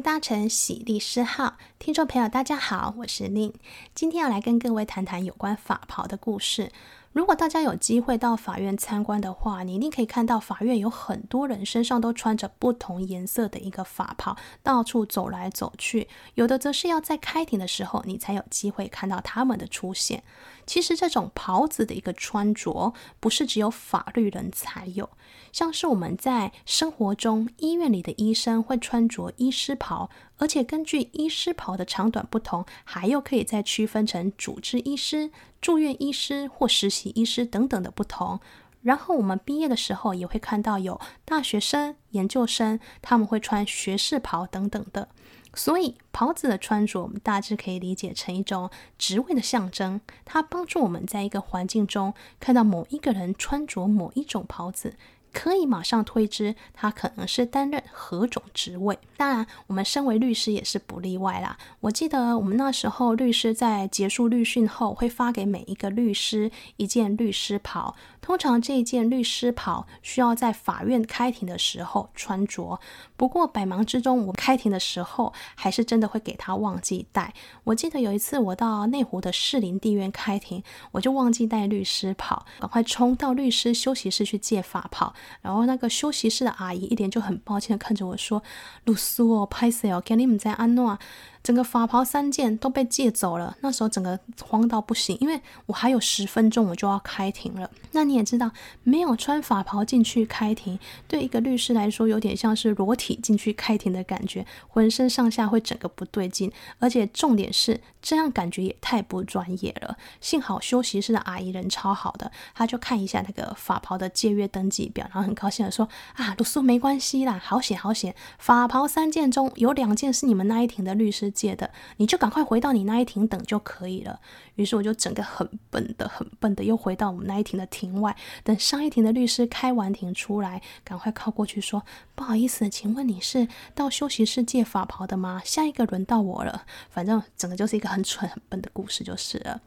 搭乘喜利斯號，聽眾朋友大家好，我是 Lynne，今天要來跟各位談談有關法袍的故事。如果大家有機會到法院參觀的話，你一定可以看到法院有很多人身上都穿着不同顏色的一個法袍，到處走來走去。有的則是要在開庭的時候，你才有機會看到他們的出現。其實這種袍子的一個穿着，不是只有法律人才有，像是我們在生活中，醫院裡的醫生會穿着醫師袍。而且根據醫師袍的長短不同，還又可以再區分成主治醫師、住院醫師或實習醫師等等的不同。然後我們畢業的時候也會看到有大學生、研究生，他們會穿學士袍等等的。所以袍子的穿着，我們大致可以理解成一種職位的象徵，它幫助我們在一個環境中看到某一個人穿着某一種袍子，可以馬上推知他可能是擔任何種職位，當然，我們身為律師也是不例外啦。我記得我們那時候律師在結束律訓後，會發給每一個律師一件律師袍。通常這一件律師袍需要在法院開庭的時候穿着，不過百忙之中，我開庭的時候還是真的會給他忘記帶。我記得有一次我到內湖的士林地院開庭，我就忘記帶律師袍，趕快衝到律師休息室去借法袍，然後那個休息室的阿姨一臉就很抱歉地看着我說：“露絲哦，拍攝哦，給你們再安諾。”整個法袍三件都被借走了，那時候整個慌到不行，因為我還有十分鐘我就要開庭了。那你也知道，沒有穿法袍進去開庭，對一個律師來說有點像是裸體進去開庭的感覺，渾身上下會整個不對勁。而且重點是這樣感覺也太不專業了。幸好休息室的阿姨人超好的，她就看一下那個法袍的借閱登記表，然後很高興地說：“啊，讀書沒關係啦，好險好險，法袍三件中有兩件是你們那一庭的律師。”借的，你就趕快回到你那一庭等就可以了。於是我就整個很笨的，很笨的，又回到我們那一庭的庭外等上一庭的律師開完庭出來，趕快靠過去說：“不好意思，請問你是到休息室借法袍的嗎？下一個輪到我了。”反正整個就是一個很蠢，很笨的故事，就是了。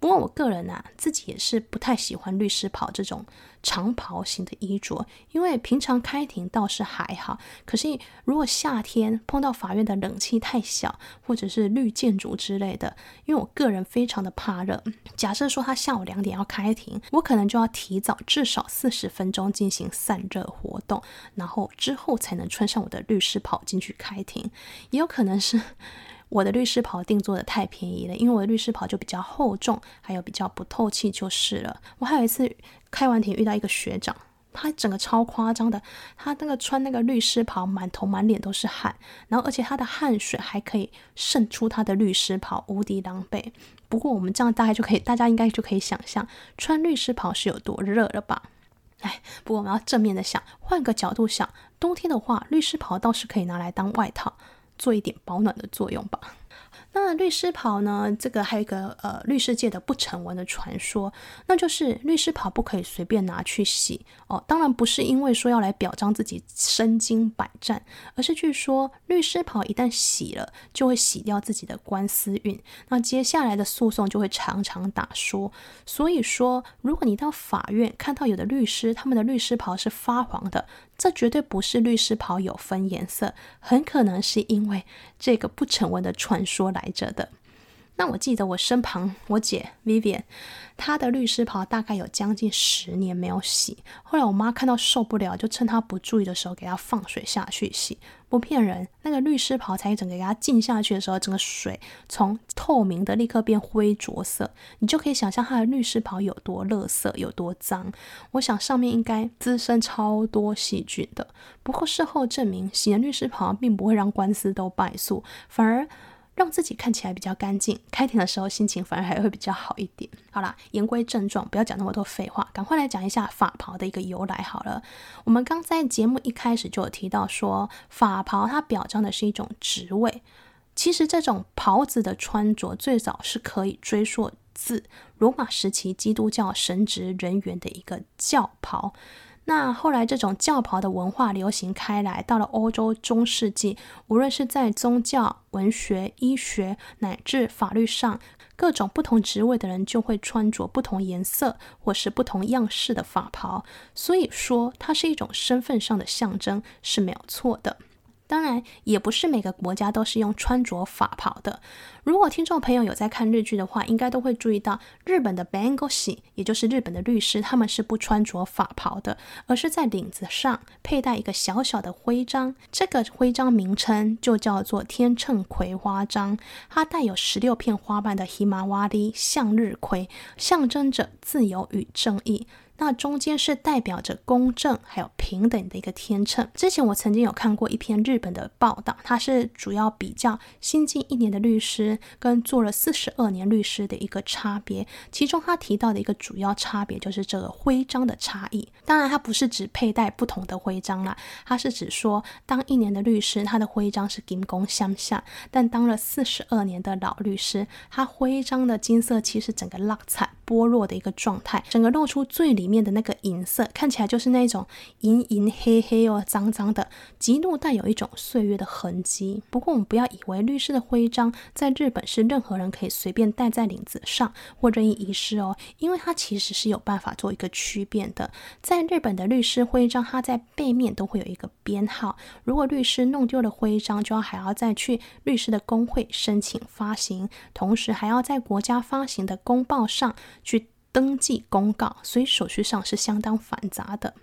不過我個人吶、啊，自己也是不太喜歡律師袍這種長袍型的衣着，因為平常開庭倒是還好，可是如果夏天碰到法院的冷氣太小，或者是綠建築之類的，因為我個人非常的怕熱。假設說他下午兩點要開庭，我可能就要提早至少四十分鐘進行散熱活動，然後之後才能穿上我的律師袍進去開庭，也有可能是。我的律師袍定做的，太便宜了，因為我的律師袍就比較厚重，還有比較不透氣，就是了。我還有一次開完庭遇到一個學長，他整個超誇張的，他那個穿那個律師袍，滿頭滿臉都是汗，然後而且他的汗水還可以滲出他的律師袍，無敵狼狽。不過我們這樣大概就可以，大家應該就可以想象穿律師袍是有多熱了吧？哎，不過我們要正面的想，換個角度想，冬天的話，律師袍倒是可以拿來當外套。做一點保暖的作用吧。那律師袍呢？這個還有一個呃，律師界的不成文的傳說，那就是律師袍不可以隨便拿去洗哦。當然不是因為說要來表彰自己身經百戰，而是據說律師袍一旦洗了，就會洗掉自己的官司運。那接下來的訴訟就會常常打輸。所以說，如果你到法院看到有的律師他們的律師袍是發黃的，這絕對不是律師袍有分顏色，很可能是因為這個不成文的傳說來着的。那我記得我身旁我姐 Vivian，她的律師袍大概有將近十年沒有洗。後來我媽看到受不了，就趁她不注意的時候給她放水下去洗。不騙人，那個律師袍才一整個給她浸下去的時候，整個水從透明的立刻變灰濁色，你就可以想象她的律師袍有多樂色，有多髒。我想上面應該滋生超多細菌的。不過事後證明，洗了律師袍並不會讓官司都敗訴，反而。讓自己看起來比較乾淨，開庭的時候心情反而還會比較好一點。好啦，言歸正傳，不要講那麼多廢話，趕快來講一下法袍的一個由來。好了，我們剛在節目一開始就有提到說，說法袍它表彰的是一種職位。其實這種袍子的穿着最早是可以追溯自羅馬時期基督教神職人員的一個教袍。那後來，這種教袍的文化流行開來，到了歐洲中世紀，無論是在宗教、文學、醫學乃至法律上，各種不同職位的人就會穿着不同顏色或是不同樣式的法袍。所以說，它是一種身份上的象徵，是沒有錯的。當然，也不是每個國家都是用穿着法袍的。如果聽眾朋友有在看日劇的話，應該都會注意到，日本的弁護士，也就是日本的律師，他們是不穿着法袍的，而是在領子上佩戴一個小小的徽章。這個徽章名稱就叫做天秤葵花章，它帶有十六片花瓣的ヒマワリ向日葵，象徵着自由與正義。那中間是代表着公正還有平等的一個天秤。之前我曾經有看過一篇日本的報道，它是主要比較新進一年的律師跟做了四十二年律師的一個差別。其中他提到的一個主要差別就是這個徽章的差異。當然，他不是只佩戴不同的徽章啦，他是指說，當一年的律師，他的徽章是金光相下，但當了四十二年的老律師，他徽章的金色其實整個落彩。剝落的一個狀態，整個露出最裡面的那個銀色，看起來就是那種銀銀黑黑哦，髒脏的，極度帶有一種歲月的痕迹。不過我們不要以為律師的徽章在日本是任何人可以隨便戴在領子上或任意遺失哦，因為它其實是有辦法做一個區辨的。在日本的律師徽章，它在背面都會有一個編號。如果律師弄丟了徽章，就要還要再去律師的工會申請發行，同時還要在國家發行的公報上。去登記公告，所以手續上是相當繁雜的。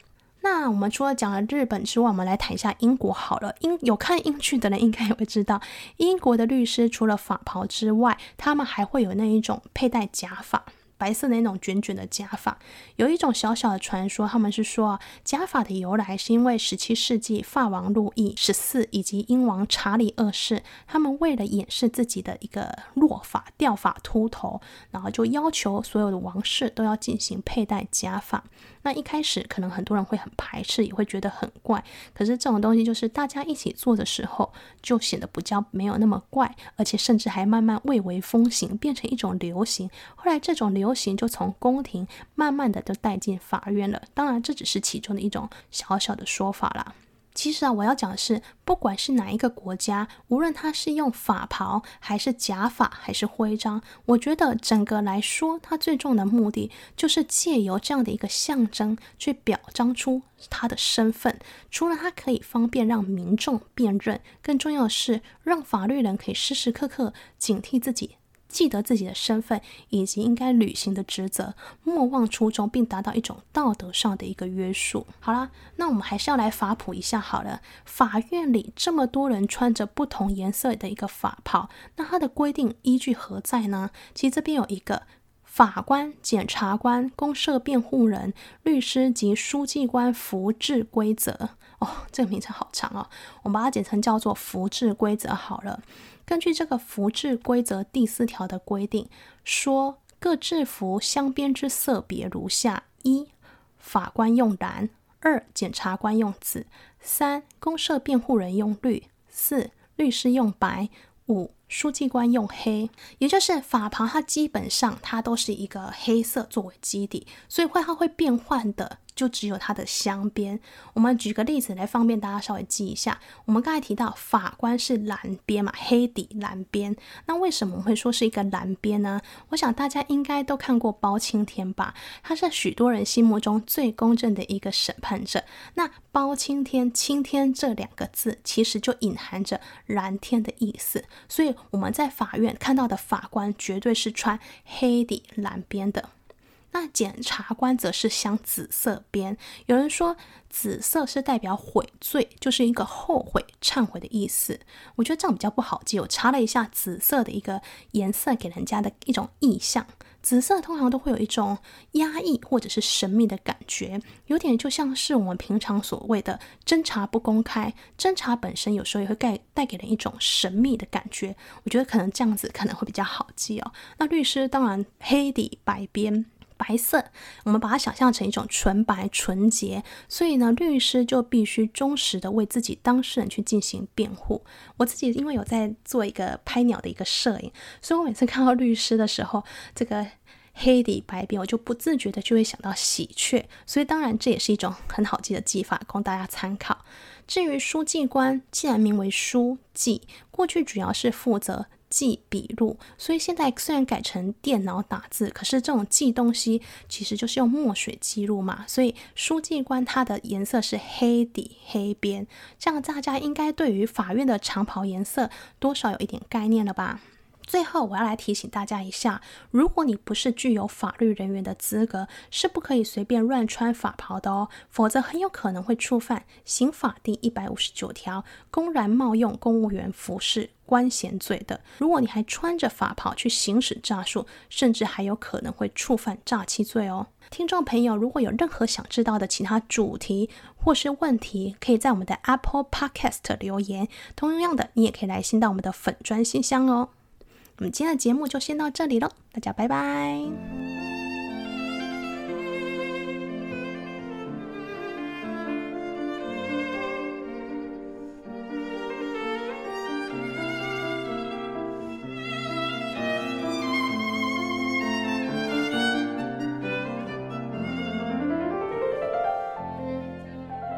那我們除了講了日本之外，我們來談一下英國好了。英有看英劇的人應該也會知道，英國的律師除了法袍之外，他們還會有那一種佩戴假髮。白色的那種捲捲的假髮，有一種小小的傳說，他們是說，假髮的由來是因為十七世紀法王路易十四以及英王查理二世，他們為了掩飾自己的一個落髮、掉髮、禿頭，然後就要求所有的王室都要進行佩戴假髮。那一開始可能很多人會很排斥，也會覺得很怪。可是這種東西就是大家一起做的時候，就顯得比較沒有那麼怪，而且甚至還慢慢蔚為風行，變成一種流行。後來這種流行就從宮廷慢慢的就帶進法院了。當然這只是其中的一種小小的說法啦。其實啊，我要講的是，不管是哪一個國家，無論它是用法袍，還是假髮，還是徽章，我覺得整個來說，它最重要的目的就是借由這樣的一個象徵，去表彰出他的身份。除了它可以方便讓民眾辨認，更重要的是，讓法律人可以時時刻刻警惕自己，記得自己的身份以及應該履行的職責，莫忘初衷，並達到一種道德上的一個約束。好了，那我們還是要來法普一下。好了，法院裡這麼多人穿着不同顏色的一個法袍，那它的規定依據何在呢？其實這邊有一個法官、檢察官、公設辯護人、律師及書記官服制規則。哦，這個名字好長哦，我們把它簡稱叫做服制規則好了。根據這個服制規則第四條的規定，說各制服鑲邊之色別如下：一、法官用藍；二、檢察官用紫；三、公設辯護人用綠；四、律師用白；五、書記官用黑。也就是法袍，它基本上它都是一個黑色作為基底，所以會它會變換的，就只有它的鑲邊。我們舉個例子來方便大家稍微記一下。我們剛才提到法官是藍邊嘛，黑底藍邊。那為什麼會說是一個藍邊呢？我想大家應該都看過包青天吧？他是許多人心目中最公正的一個審判者。那包青天“青天”這兩個字其實就隱含着藍天的意思。所以我們在法院看到的法官絕對是穿黑底藍邊的。那檢察官則是鑲紫色邊，有人說紫色是代表悔罪，就是一個後悔、懺悔的意思。我覺得這樣比較不好記。我查了一下紫色的一個顏色給人家的一種意象，紫色通常都會有一種壓抑或者是神秘的感覺，有點就像是我們平常所謂的偵查不公開，偵查本身有時候也會帶帶給人一種神秘的感覺。我覺得可能這樣子可能會比較好記哦。那律師當然黑底白邊。白色，我們把它想象成一種純白、純潔，所以呢，律師就必須忠實的為自己當事人去進行辯護。我自己因為有在做一個拍鳥的一個攝影，所以我每次看到律師的時候，這個黑底白邊，我就不自覺的就會想到喜鵲。所以當然這也是一種很好記的技法，供大家參考。至於書記官，既然名為書記，過去主要是負責。記筆錄，所以現在雖然改成電腦打字，可是這種記東西其實就是用墨水記錄嘛。所以書記官他的顏色是黑底黑邊，這樣大家應該對於法院的長袍顏色多少有一點概念了吧？最後，我要來提醒大家一下：如果你不是具有法律人員的資格，是不可以隨便亂穿法袍的哦。否則很有可能會觸犯刑法第一百五十九條，公然冒用公務員服飾官銜罪的。如果你還穿着法袍去行使詐術，甚至還有可能會觸犯詐欺罪哦。聽眾朋友，如果有任何想知道的其他主題或是問題，可以在我們的 Apple Podcast 留言。同樣的，你也可以來信到我們的粉專信箱哦。我們今天的節目就先到這裡了，大家拜拜。